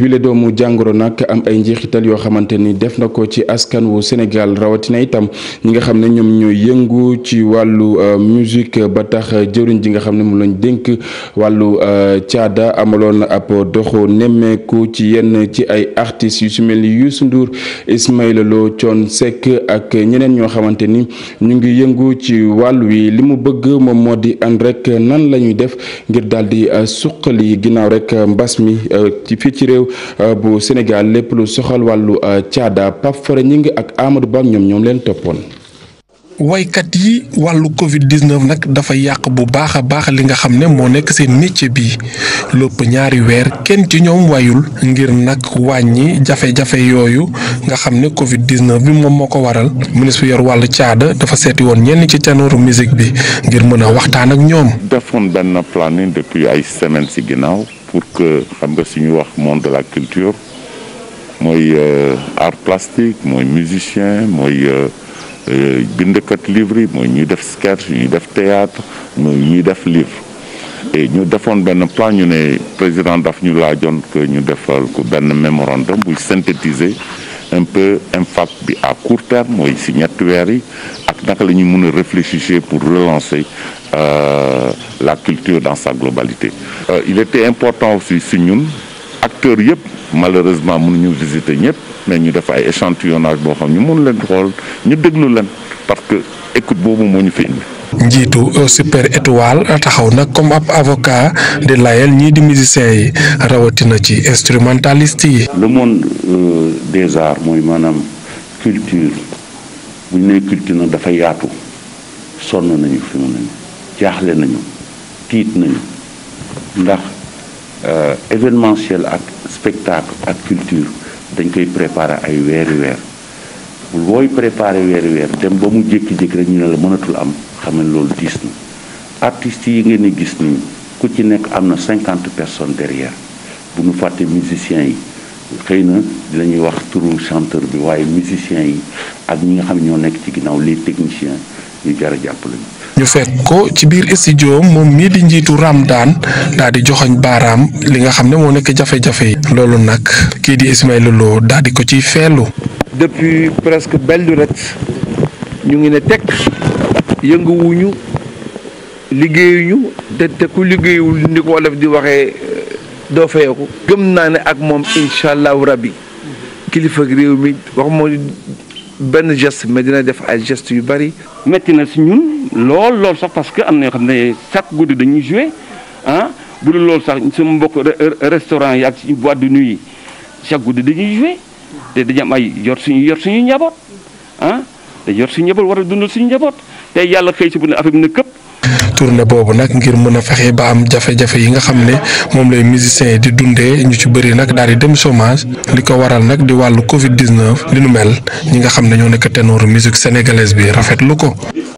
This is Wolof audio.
bile doomu jàngoro nag am ay njeexital yoo xamante ni def na ko ci askan wu Sénégal rawatina itam ñi nga xam ne ñoom ñooy yëngu ci wàllu euh, musique ba tax jëriñ ji nga xam ne moom lañ dénk wàllu euh, caada amaloon ab doxu nemmeeku ci yenn ci ay artistes yu si mel ni Youssou Ndour Ismaïla Lo ak ñeneen ñoo xamante ni ñu ngi yëngu ci wàll wi li mu bëgg moom moo di ànd rek nan la ñuy def ngir daal di euh, suqali ginnaaw rek mbas mi ci fii ci réew Euh, bu Sénégal lépp lu soxal wàllu euh, caada Pape Fara Ñing ak Amadou Ba ñoom ñoom leen toppoon. waykat yi wàllu Covid 19 nag dafa yàq bu baax a baax li nga xam ne moo nekk seen métier bi lépp ñaari weer kenn ci ñoom wayul ngir nag wàññi jafe-jafe yooyu nga xam ne Covid 19 bi moom moo ko waral ministre yor wàllu caada dafa seeti woon ñenn ci tenoru musique bi ngir mën a waxtaan ak ñoom. defoon benn planning depuis ay ci ginnaaw. pour que xam nga suñu wax monde de la culture mooy euh, art plastique mooy musicien mooy euh, euh, bindkat livre yi mooy ñuy def sketch ñuy def théâtre mooy ñuy def livre et ñu defoon benn plan ñu ne président daf ñu laajoon que ñu defal ko benn mémorandum buy synthétiser un peu impact bi à court terme mooy si ñetti weer yi ak naka la ñuy mën a réfléchir pour relancer euh, la culture dans sa globalité. Euh, il était important aussi si ñun acteurs yëpp malheureusement mënuñu visiter ñëpp mais ñu def ay échantillonnage boo xam ñu mën leen xool ñu déglu leen parce que écoute boobu moo ñu fi indi. njiitu super étoile taxaw nag comme ab avocat di layal ñii di musiciens yi rawatina ci instrumentaliste yi. le monde euh, des arts mooy maanaam culture bu ñu nee culture nag dafa yaatu sonn nañu fi mu ne jaaxle nañu tiit nañu ndax euh, événementiel ak spectacle ak culture dañ koy préparer ay weeri weer. looy préparé weer weer dem ba mu jékki-jékki rek ñu ne la mënatul am xam loolu diis na artistes yi ngeen di gis nii ku ci nekk am na cinquante personnes derrière bu ñu fàtte musiciens yi xëy na dinañuy wax turu chanteur bi waaye musiciens yi ak ñi nga xam ñoo nekk ci ginnaaw les techniciens ñu jar jàpp lañu ñu fekk ko ci biir studio moom mii di njiitu Ramdan daal di joxoñ baaraam li nga xam ne moo nekk jafe-jafe yi. loolu nag kii di Ismaïla Lo daal di ko ciy feelu depuis presque belle lurette ñu ngi ne tekk yënguwuñu liggéeyuñu te te ku liggéeyul ni ko wolof di waxee euh, doo fayeeku gëm naa ne ak moom incha allahu rabbi kilifa réew mi wax moo benn geste mais dina def ay geste yu bari. métti na si ñun lool lool sax parce que am na yoo xam ne chaque guddi dañuy joué ah bu dul loolu sax sama mbokk restaurant yi ak boîte de nuit yi chaque guddi dañuy joué. te dañu ay yor suñu yor suñu njaboot ah te yor suñu njaboot war a dundal suñu njaboot te yàlla xëy si bu ne affaire bi na këpp. tournée boobu nag ngir mën a fexe ba am jafe-jafe yi nga xam ne moom lay musiciens yi di dundee ñu ci bëri nag daal di dem chômage li ko waral nag di wàllu Covid 19 li nu mel ñi nga xam ne ñoo nekk ténor musique sénégalaise bi rafetlu ko.